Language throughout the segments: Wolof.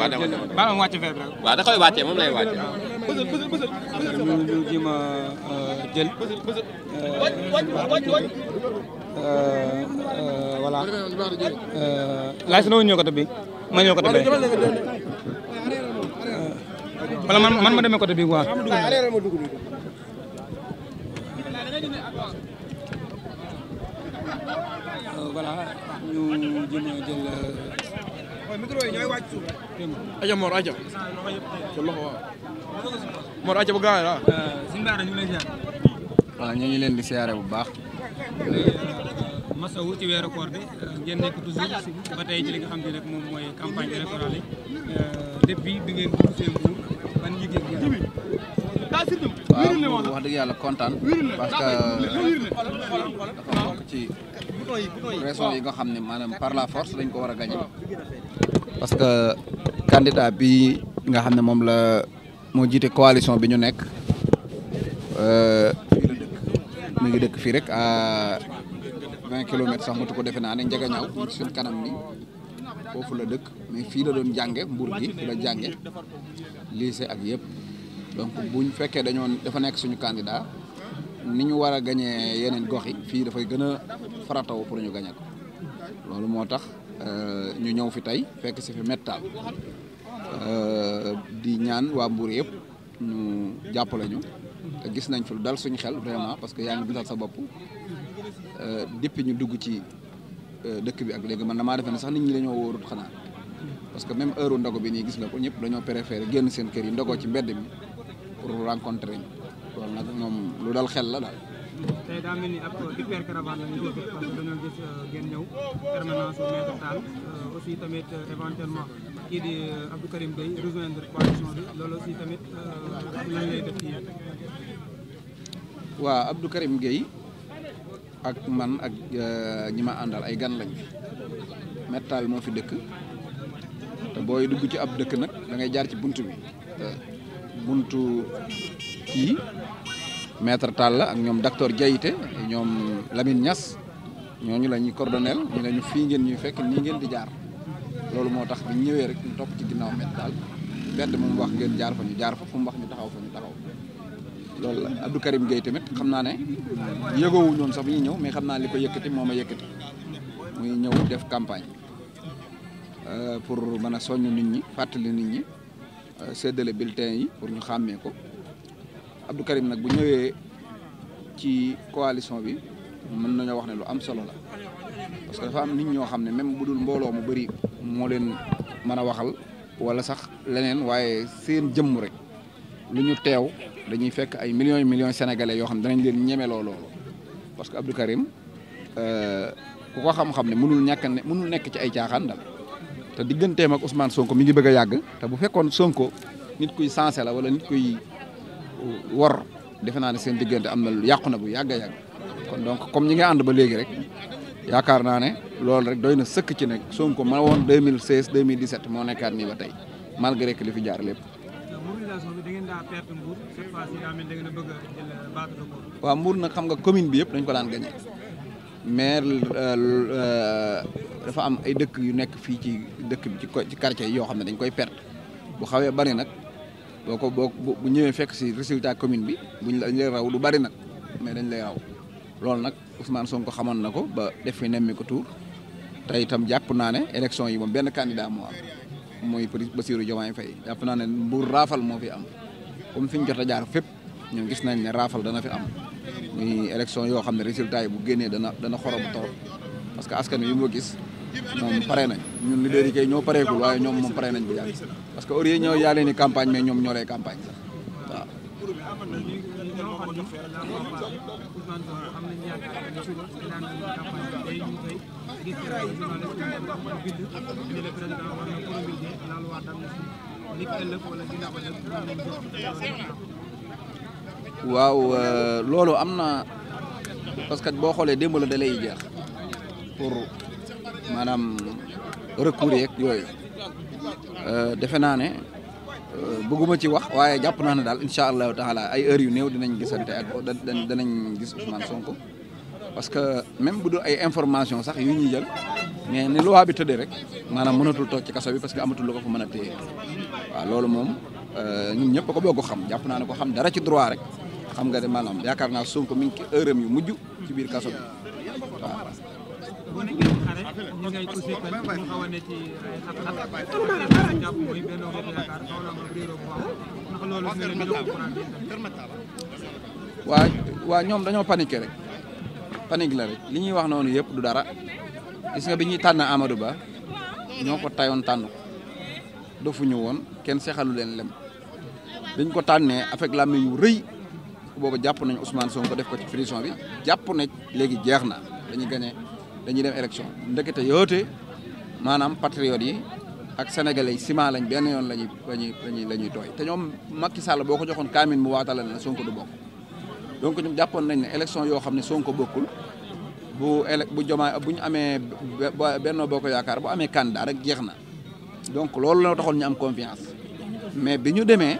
waaw dama dama dama baal ma wàcc verre rek. waaw da koy wàccee moom lay wàccee. bësël euh, bësël euh, euh, ñu ñu a jël. voilà. laaj su ma ñëw côté bi man ma demee côté bi aja Mor aja ca loxo wa Mor aja bu gaaw waaw. Euh, a ñu ngi leen di siyaare bu baax. Euh, Massawu ci weeru koor bi euh, ngeen nekk toujours ba tey ci li nga rek moom mooy campagne électorale yi depuis bi ngeen dugg wax dëgg yàlla kontaan parce que dafa bokk ci raison yi nga xam ne maanaam par la force dañ ko war a gagné que candidat bi nga xam ne moom la moo jiite coalition bi ñu nekk euh, mi ngi dëkk fii rek à vingt kilomètres sax matu ko defe naa ne Njagañaaw suñ kanam ni foofu la dëkk mais fii la doon jànge Mbour gi fi lycée ak yëpp donc ñu fekkee dañoo dafa nekk suñu candidat ni ñu war a gañee yeneen gox yi fii dafay gën a farataw pour ñu gañe ko loolu moo tax euh, ñu ñëw fi tey fekk si fi mettal euh, di ñaan waa Mbour yëpp ñu jàppale ñu te gis nañ dal suñu xel vraiment parce que yaa ngi gisal sa bopp euh, depuis ñu dugg ci dëkk bi ak léegi man damaa defe ne sax nit ñi dañoo wóorut xanaa parce que même heure u ndogo bi nii gis nga ko ñëpp dañoo préféré génn seen kër yi ndogoo ci mbedd mi pour rencontrer loolu nag moom lu dal xel la daal. tey daa mel ni ab hyper caravane la ñu euh, euh, euh, di Abdou Karim Gueye bi loolu aussi tamit lan ak man ak ñi ma àndal ay gan lañ maître Tall moo fi dëkk te booy dugg ci ab dëkk nag dangay jaar ci bunt bi. buntu kii maître Tall ak ñoom docteur Diayité ñoom Lamine Niass ñooñu la ñuy cordonnel ñu fii ngeen ñuy fekk nii ngeen di jaar loolu moo tax bi ñëwee rek ñu topp ci ginnaaw met daal bedd ngeen jaar fa ñu jaar fa fu mu wax ñu taxaw fa loolu la Abdou Karim Gueye tamit xam naa ne yëgoowu ñoon sax bi ñuy ñëw mais xam naa li ko yëkkati moom ma yëkkati muy ñëw def campagne euh, pour mën a soññ nit ñi fàttali nit ñi Euh, seddale bulletin yi pour ñu xàmmee ko Abdou Karim nag bu ñëwee ci coalition bi mën nañoo wax ne lu am solo la parce que dafa am nit ñoo xam ne même bu dul mbooloo mu bëri moo leen mën a waxal wala sax leneen waaye seen jëmm rek lu ñu teew dañuy fekk ay millions et millions sénégalais yoo xam ne danañ leen ñemeloo loolu parce que Abdou Karim euh, ku ko xam-xam ne mënul ñàkk ne mënul nekk ci ay caaxaan daal. te digganteem ak Ousmane Sonko mi ngi bëgg a yàgg te bu fekkoon Sonko nit kuy sensé la wala nit kuy uh, wor defe naa ne seen diggante am na lu yàqu na bu yàgg a yàgg kon donc comme ñi nga ànd ba léegi rek yaakaar naa ne loolu rek doy na sëkk ci nag Sonko ma woon 2016 2017 moo nekkaat nii ba tey malgré que li fi jaar lépp. Euh, waaw Mbour nag xam nga commune bi yëpp dañ ko daan gagné mais euh, euh, dafa am ay dëkk yu nekk fii ci dëkk bi ci ci quartier yoo xam ne dañ koy perte bu xawee bari nag boo ko boo bu ñëwee fekk si résultat commune bi buñ la lay raw du bari nag mais dañ lay raw loolu nag Ousmane Sonko xamoon na ko ba def fi nemmi ko tour te itam jàpp naa ne élection yi moom benn candidat moo am mooy Bassirou Diomaye Faye jàpp naa ne mbuur raafal moo fi am comme fi ñu jot a jaar fépp ñun gis nañ ne raafal dana fi am muy élection yoo xam ne résultat yi bu génnee dana dana xorom torop parce que askan wi moo gis moom pare nañ ñun leader yi kay ñoo pareekul waaye ñoom moom pare nañ bu yàgg parce que au lieu ñoo yaa ni campagne mais ñoom ñoo lay campagne sax waaw euh, loolu am na parce que boo xoolee démb la da jeex pour maanaam recours yeeg yooyu euh, defe naa ne euh, bëgguma ci wax waaye jàpp naa ne daal incha allahu taala ay heures yu néew dinañ gisante ak danañ gis Ousmane Sonko parce que même bu dul ay information sax yu ñuy jël mais ni loi bi tëddee rek maanaam mënatul toog ci kaso bi parce que amatul ko fa mën a téye waaw loolu moom ñun ñëpp ko boo ko xam jàpp naa ne ko xam dara ci droit rek xam nga ne maanaam yaakaar naa Sonko mi ngi heure yu mujj ci biir kaso waa waa ñoom dañoo paniqué rek panique la rek li ñuy wax noonu yëpp du dara gis nga bi ñuy tànn Amadou Ba ñoo ko tayoon tànn ko dofuñu woon kenn sexalu leen lem dañ ko tànnee avec làmmiñ yu rëy boobu jàpp nañ Ousmane Sonko def ko ci prison bi jàpp ne léegi jeex na dañuy gagné dañuy dem élection ndekete yoote maanaam patriotes yi ak sénégalais yi ciment lañ benn yoon lañuy lañuy lañuy la ñuy tooy te ñoom Macky Sall boo ko joxoon kaamin mu waatala na Sonko du bokk donc ñoom jàppoon nañ ne élection yoo xam ne Sonko bokkul bu ele bu jomaa bu ñu amee Benno Bokk Yaakaar bu amee candidat rek jeex na donc loolu la taxoon ñu am confiance mais bi ñu demee.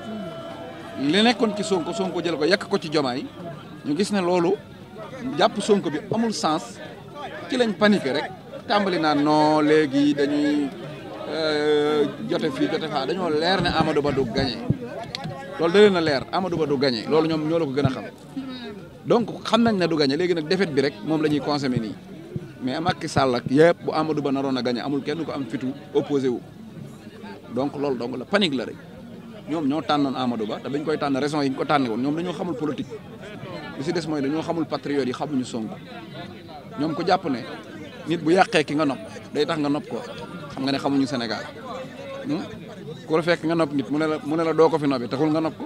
li nekkoon ci Sonko Sonko jël ko yàq ko ci jomaay ñu gis ne loolu jàpp Sonko bi amul sens ci lañ paniqué rek tàmbali naa noo léegi dañuy euh, jote fii jote faa dañoo leer ne Amadou Ba du gagné loolu da leen leer Amadou Ba du gagné loolu ñoom ñoo la ko gën a xam donc xam nañ ne du gagné léegi nag defet bi rek moom la ñuy consommé nii mais Macky Sall ak yëpp bu Amadou Ba naroon a gagné amul kenn ko am fitu opposé wu donc loolu donc la panique la rek. ñoom ñoo tànn Amadou Ba te bañ koy tànn raison yi ñu ko tànne woon ñoom dañoo xamul politique li si des mooy dañoo xamul patriote yi xamuñu Sonko ñoom ko jàpp ne nit bu yàqee ki nga nopp day tax nga nopp ko xam nga ne xamuñu Sénégal hmm? ku fekk nga nopp nit mu ne la mu ne la doo ko fi noppi taxul nga nopp ko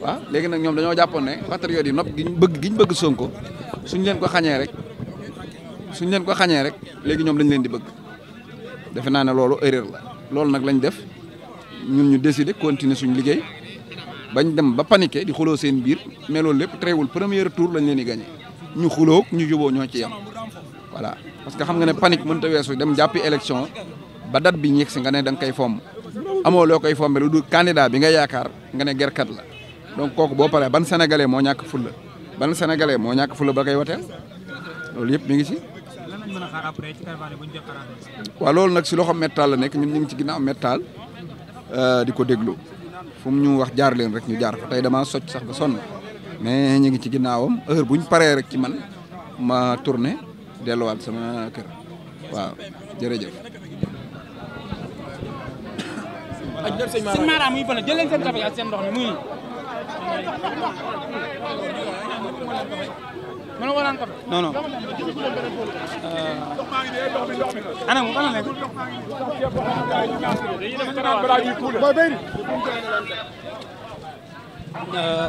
waaw léegi nag ñoom dañoo jàppoon ne patriote yi nopp gi ñu bëgg gi ñu bëgg Sonko suñ leen ko xañee rek suñ leen ko xañee rek léegi ñoom dañ leen di bëgg defe naa ne loolu erreur la loolu nag lañ def ñun ñu décider continuer suñu liggéey bañ dem ba paniqué di xuloo seen biir mais loolu lépp tréwul premier tour lañ leen di gagné ñu xuloo ñu juboo ñoo ci yam voilà parce que xam nga ne panique mënut a weesu dem jàppi élection ba date bi ñeeg si nga ne da nga koy fomm amoo loo koy fommee lu dul candidat bi nga yaakaar nga ne gerkat la donc kooku boo paree ban sénégalais moo ñàkk fulla ban sénégalais moo ñàkk fulla ba koy wateel loolu yëpp mi ngi si. waaw loolu nag si loxo méttal la nekk ñun ñu ngi ci ginnaaw méttal Euh, di ko déglu fu ñu wax jaar leen rek ñu jaar fa tey damaa socc sax ba sonn mais ñu ngi ci ginnaawam heure bu ñu paree rek ci man ma tourné delluwaat sama kër waaw jërëjëf. muy bële jël leen seen café ak seen ndox mi muy. ma non non. ana mu ana léegi.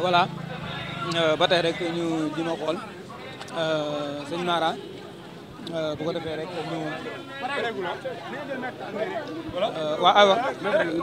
voilà euh, ba tey rek ñu ji xool euh, sëñ Mara euh, bu rek ñu. waaw aywa.